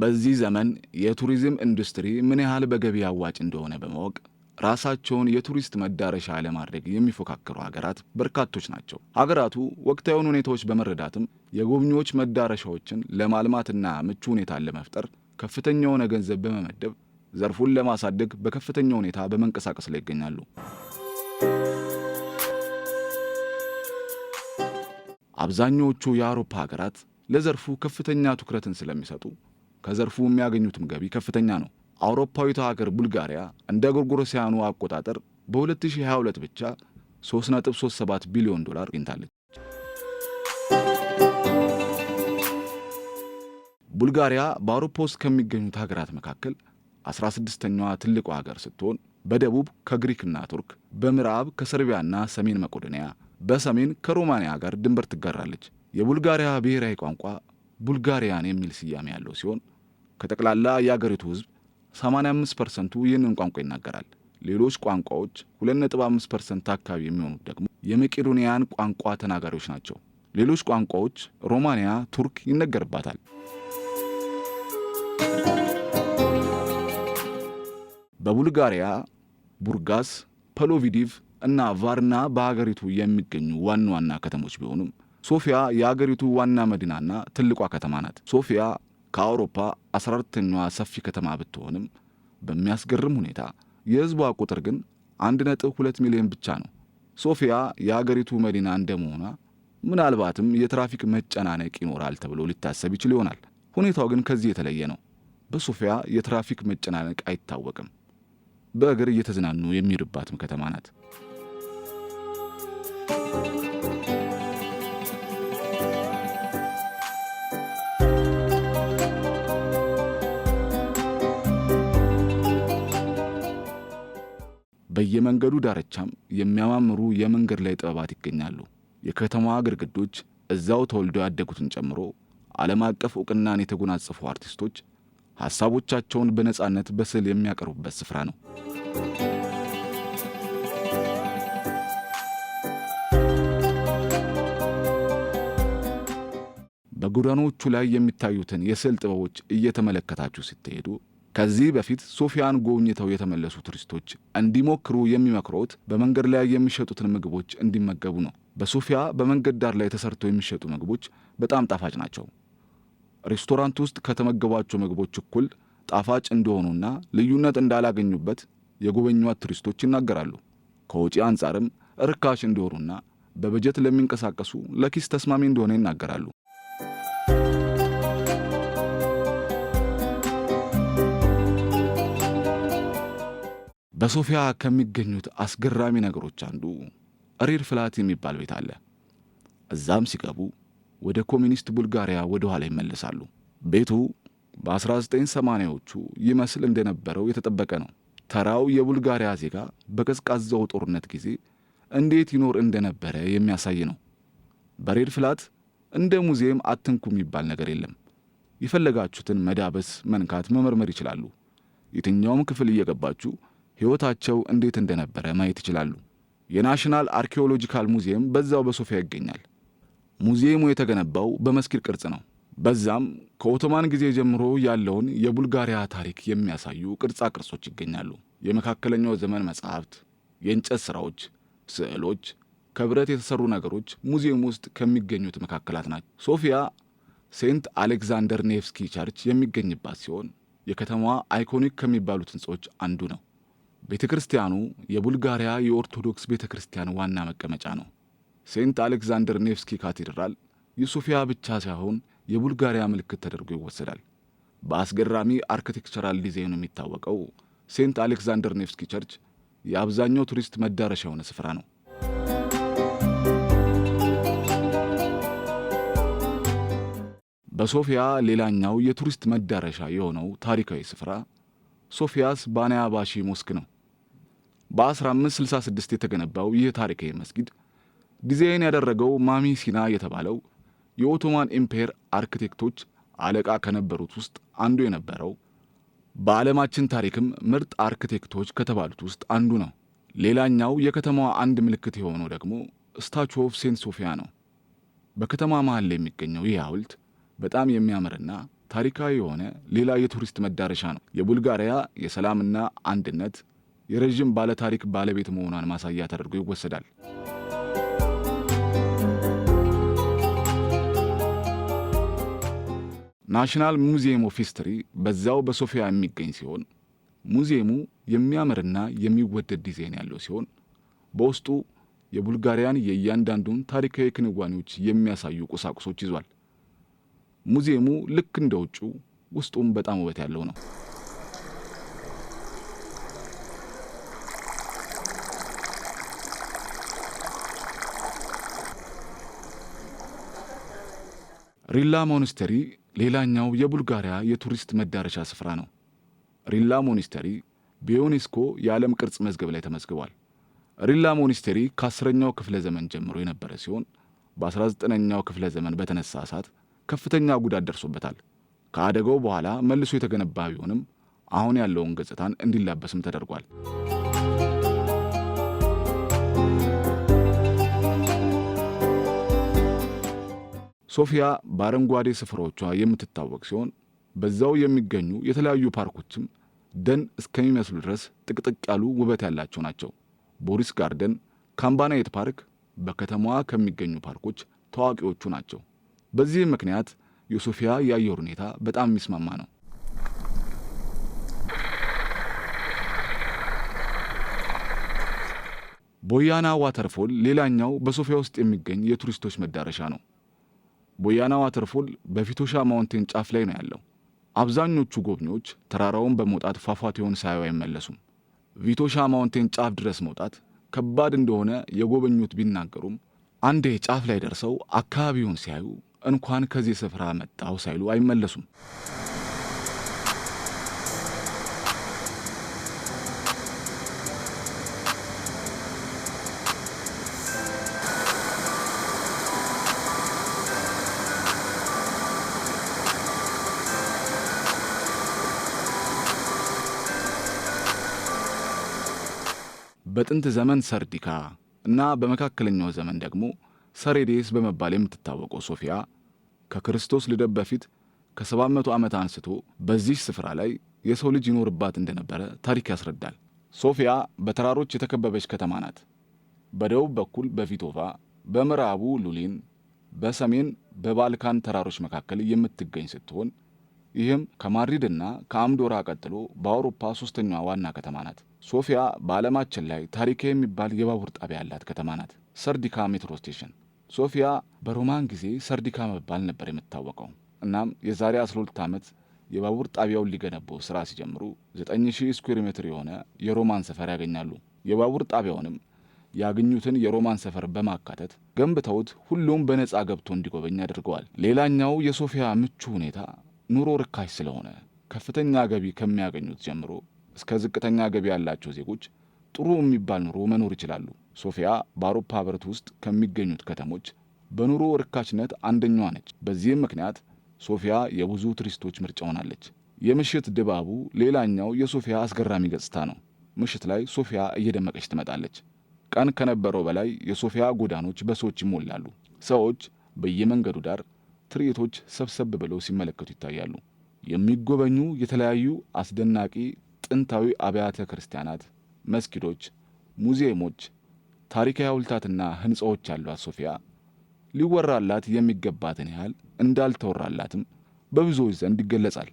በዚህ ዘመን የቱሪዝም ኢንዱስትሪ ምን ያህል በገቢ አዋጭ እንደሆነ በማወቅ ራሳቸውን የቱሪስት መዳረሻ ለማድረግ የሚፎካከሩ ሀገራት በርካቶች ናቸው። ሀገራቱ ወቅታዊን ሁኔታዎች በመረዳትም የጎብኚዎች መዳረሻዎችን ለማልማትና ምቹ ሁኔታን ለመፍጠር ከፍተኛ የሆነ ገንዘብ በመመደብ ዘርፉን ለማሳደግ በከፍተኛ ሁኔታ በመንቀሳቀስ ላይ ይገኛሉ። አብዛኛዎቹ የአውሮፓ ሀገራት ለዘርፉ ከፍተኛ ትኩረትን ስለሚሰጡ ከዘርፉ የሚያገኙትም ገቢ ከፍተኛ ነው። አውሮፓዊቷ ሀገር ቡልጋሪያ እንደ ጎርጎሮሲያኑ አቆጣጠር በ2022 ብቻ 3.37 ቢሊዮን ዶላር አግኝታለች። ቡልጋሪያ በአውሮፓ ውስጥ ከሚገኙት ሀገራት መካከል 16ኛዋ ትልቁ ሀገር ስትሆን በደቡብ ከግሪክና ቱርክ፣ በምዕራብ ከሰርቢያና ሰሜን መቄዶንያ፣ በሰሜን ከሮማንያ ጋር ድንበር ትጋራለች። የቡልጋሪያ ብሔራዊ ቋንቋ ቡልጋሪያን የሚል ስያሜ ያለው ሲሆን ከጠቅላላ የአገሪቱ ህዝብ 85 ፐርሰንቱ ይህንን ቋንቋ ይናገራል። ሌሎች ቋንቋዎች 2.5 ፐርሰንት አካባቢ የሚሆኑት ደግሞ የመቄዶንያን ቋንቋ ተናጋሪዎች ናቸው። ሌሎች ቋንቋዎች ሮማንያ፣ ቱርክ ይነገርባታል። በቡልጋሪያ ቡርጋስ፣ ፐሎቪዲቭ እና ቫርና በሀገሪቱ የሚገኙ ዋና ዋና ከተሞች ቢሆኑም ሶፊያ የአገሪቱ ዋና መዲናና ትልቋ ከተማ ናት። ሶፊያ ከአውሮፓ 14ተኛዋ ሰፊ ከተማ ብትሆንም በሚያስገርም ሁኔታ የህዝቧ ቁጥር ግን 1.2 ሚሊዮን ብቻ ነው። ሶፊያ የአገሪቱ መዲና እንደመሆኗ ምናልባትም የትራፊክ መጨናነቅ ይኖራል ተብሎ ሊታሰብ ይችል ይሆናል። ሁኔታው ግን ከዚህ የተለየ ነው። በሶፊያ የትራፊክ መጨናነቅ አይታወቅም። በእግር እየተዝናኑ የሚሄዱባትም ከተማ ናት። በየመንገዱ ዳርቻም የሚያማምሩ የመንገድ ላይ ጥበባት ይገኛሉ። የከተማዋ ግድግዶች እዛው ተወልደው ያደጉትን ጨምሮ ዓለም አቀፍ ዕውቅናን የተጎናጸፉ አርቲስቶች ሐሳቦቻቸውን በነጻነት በስዕል የሚያቀርቡበት ስፍራ ነው። በጎዳናዎቹ ላይ የሚታዩትን የስዕል ጥበቦች እየተመለከታችሁ ስትሄዱ ከዚህ በፊት ሶፊያን ጎብኝተው የተመለሱ ቱሪስቶች እንዲሞክሩ የሚመክሮት በመንገድ ላይ የሚሸጡትን ምግቦች እንዲመገቡ ነው። በሶፊያ በመንገድ ዳር ላይ ተሰርተው የሚሸጡ ምግቦች በጣም ጣፋጭ ናቸው። ሬስቶራንት ውስጥ ከተመገቧቸው ምግቦች እኩል ጣፋጭ እንደሆኑና ልዩነት እንዳላገኙበት የጎበኟት ቱሪስቶች ይናገራሉ። ከውጪ አንጻርም ርካሽ እንደሆኑና በበጀት ለሚንቀሳቀሱ ለኪስ ተስማሚ እንደሆነ ይናገራሉ። በሶፊያ ከሚገኙት አስገራሚ ነገሮች አንዱ ሬድ ፍላት የሚባል ቤት አለ። እዛም ሲገቡ ወደ ኮሚኒስት ቡልጋሪያ ወደ ኋላ ይመለሳሉ። ቤቱ በ1980ዎቹ ይመስል እንደነበረው የተጠበቀ ነው። ተራው የቡልጋሪያ ዜጋ በቀዝቃዛው ጦርነት ጊዜ እንዴት ይኖር እንደነበረ የሚያሳይ ነው። በሬድ ፍላት እንደ ሙዚየም አትንኩ የሚባል ነገር የለም። የፈለጋችሁትን መዳበስ፣ መንካት፣ መመርመር ይችላሉ። የትኛውም ክፍል እየገባችሁ ሕይወታቸው እንዴት እንደነበረ ማየት ይችላሉ። የናሽናል አርኪኦሎጂካል ሙዚየም በዛው በሶፊያ ይገኛል። ሙዚየሙ የተገነባው በመስጊድ ቅርጽ ነው። በዛም ከኦቶማን ጊዜ ጀምሮ ያለውን የቡልጋሪያ ታሪክ የሚያሳዩ ቅርጻ ቅርጾች ይገኛሉ። የመካከለኛው ዘመን መጻሕፍት፣ የእንጨት ሥራዎች፣ ስዕሎች፣ ከብረት የተሠሩ ነገሮች ሙዚየም ውስጥ ከሚገኙት መካከላት ናቸው። ሶፊያ ሴንት አሌክዛንደር ኔቭስኪ ቸርች የሚገኝባት ሲሆን የከተማዋ አይኮኒክ ከሚባሉት ሕንፃዎች አንዱ ነው። ቤተ ክርስቲያኑ የቡልጋሪያ የኦርቶዶክስ ቤተ ክርስቲያን ዋና መቀመጫ ነው። ሴንት አሌክዛንደር ኔቭስኪ ካቴድራል የሶፊያ ብቻ ሳይሆን የቡልጋሪያ ምልክት ተደርጎ ይወሰዳል። በአስገራሚ አርክቴክቸራል ዲዛይኑ የሚታወቀው ሴንት አሌክዛንደር ኔቭስኪ ቸርች የአብዛኛው ቱሪስት መዳረሻ የሆነ ስፍራ ነው። በሶፊያ ሌላኛው የቱሪስት መዳረሻ የሆነው ታሪካዊ ስፍራ ሶፊያስ ባንያባሺ ሞስክ ነው። በ1566 የተገነባው ይህ ታሪካዊ መስጊድ ዲዛይን ያደረገው ማሚ ሲና የተባለው የኦቶማን ኢምፔር አርክቴክቶች አለቃ ከነበሩት ውስጥ አንዱ የነበረው በዓለማችን ታሪክም ምርጥ አርክቴክቶች ከተባሉት ውስጥ አንዱ ነው። ሌላኛው የከተማዋ አንድ ምልክት የሆነው ደግሞ ስታቹ ኦፍ ሴንት ሶፊያ ነው። በከተማ ላይ የሚገኘው ይህ ሐውልት በጣም የሚያምርና ታሪካዊ የሆነ ሌላ የቱሪስት መዳረሻ ነው። የቡልጋሪያ የሰላምና አንድነት የረዥም ባለታሪክ ባለቤት መሆኗን ማሳያ ተደርጎ ይወሰዳል። ናሽናል ሙዚየም ኦፍ ሂስትሪ በዛው በሶፊያ የሚገኝ ሲሆን ሙዚየሙ የሚያምርና የሚወደድ ዲዛይን ያለው ሲሆን በውስጡ የቡልጋሪያን የእያንዳንዱን ታሪካዊ ክንዋኔዎች የሚያሳዩ ቁሳቁሶች ይዟል። ሙዚየሙ ልክ እንደ ውጩ ውስጡም በጣም ውበት ያለው ነው። ሪላ ሞኒስተሪ ሌላኛው የቡልጋሪያ የቱሪስት መዳረሻ ስፍራ ነው። ሪላ ሞኒስተሪ በዩኔስኮ የዓለም ቅርጽ መዝገብ ላይ ተመዝግቧል። ሪላ ሞኒስተሪ ከአስረኛው ክፍለ ዘመን ጀምሮ የነበረ ሲሆን በ19ኛው ክፍለ ዘመን በተነሳ እሳት ከፍተኛ ጉዳት ደርሶበታል። ከአደጋው በኋላ መልሶ የተገነባ ቢሆንም አሁን ያለውን ገጽታን እንዲላበስም ተደርጓል። ሶፊያ በአረንጓዴ ስፍራዎቿ የምትታወቅ ሲሆን በዛው የሚገኙ የተለያዩ ፓርኮችም ደን እስከሚመስሉ ድረስ ጥቅጥቅ ያሉ ውበት ያላቸው ናቸው። ቦሪስ ጋርደን፣ ካምባናየት ፓርክ በከተማዋ ከሚገኙ ፓርኮች ታዋቂዎቹ ናቸው። በዚህም ምክንያት የሶፊያ የአየር ሁኔታ በጣም የሚስማማ ነው። ቦያና ዋተርፎል ሌላኛው በሶፊያ ውስጥ የሚገኝ የቱሪስቶች መዳረሻ ነው። ቦያና ዋተርፎል በፊቶሻ ማውንቴን ጫፍ ላይ ነው ያለው። አብዛኞቹ ጎብኚዎች ተራራውን በመውጣት ፏፏቴውን ሳያዩ አይመለሱም። ቪቶሻ ማውንቴን ጫፍ ድረስ መውጣት ከባድ እንደሆነ የጎበኙት ቢናገሩም አንዴ ጫፍ ላይ ደርሰው አካባቢውን ሲያዩ እንኳን ከዚህ ስፍራ መጣሁ ሳይሉ አይመለሱም። በጥንት ዘመን ሰርዲካ እና በመካከለኛው ዘመን ደግሞ ሰሬዴስ በመባል የምትታወቀው ሶፊያ ከክርስቶስ ልደት በፊት ከ700 ዓመት አንስቶ በዚህ ስፍራ ላይ የሰው ልጅ ይኖርባት እንደነበረ ታሪክ ያስረዳል። ሶፊያ በተራሮች የተከበበች ከተማ ናት። በደቡብ በኩል በቪቶቫ በምዕራቡ ሉሊን፣ በሰሜን በባልካን ተራሮች መካከል የምትገኝ ስትሆን ይህም ከማድሪድና ከአምዶራ ቀጥሎ በአውሮፓ ሦስተኛዋ ዋና ከተማ ናት። ሶፊያ በዓለማችን ላይ ታሪኬ የሚባል የባቡር ጣቢያ ያላት ከተማ ናት። ሰርዲካ ሜትሮ ስቴሽን። ሶፊያ በሮማን ጊዜ ሰርዲካ መባል ነበር የምታወቀው። እናም የዛሬ 12 ዓመት የባቡር ጣቢያውን ሊገነቡ ስራ ሲጀምሩ 9000 ስኩዌር ሜትር የሆነ የሮማን ሰፈር ያገኛሉ። የባቡር ጣቢያውንም ያገኙትን የሮማን ሰፈር በማካተት ገንብተውት ሁሉም በነፃ ገብቶ እንዲጎበኝ አድርገዋል። ሌላኛው የሶፊያ ምቹ ሁኔታ ኑሮ ርካሽ ስለሆነ ከፍተኛ ገቢ ከሚያገኙት ጀምሮ እስከ ዝቅተኛ ገቢ ያላቸው ዜጎች ጥሩ የሚባል ኑሮ መኖር ይችላሉ። ሶፊያ በአውሮፓ ህብረት ውስጥ ከሚገኙት ከተሞች በኑሮ ርካችነት አንደኛዋ ነች። በዚህም ምክንያት ሶፊያ የብዙ ቱሪስቶች ምርጫ ሆናለች። የምሽት ድባቡ ሌላኛው የሶፊያ አስገራሚ ገጽታ ነው። ምሽት ላይ ሶፊያ እየደመቀች ትመጣለች። ቀን ከነበረው በላይ የሶፊያ ጎዳኖች በሰዎች ይሞላሉ። ሰዎች በየመንገዱ ዳር ትርኢቶች ሰብሰብ ብለው ሲመለከቱ ይታያሉ። የሚጎበኙ የተለያዩ አስደናቂ ጥንታዊ አብያተ ክርስቲያናት፣ መስጊዶች፣ ሙዚየሞች፣ ታሪካዊ ሐውልታትና ሕንፃዎች ያሏት ሶፊያ ሊወራላት የሚገባትን ያህል እንዳልተወራላትም በብዙዎች ዘንድ ይገለጻል።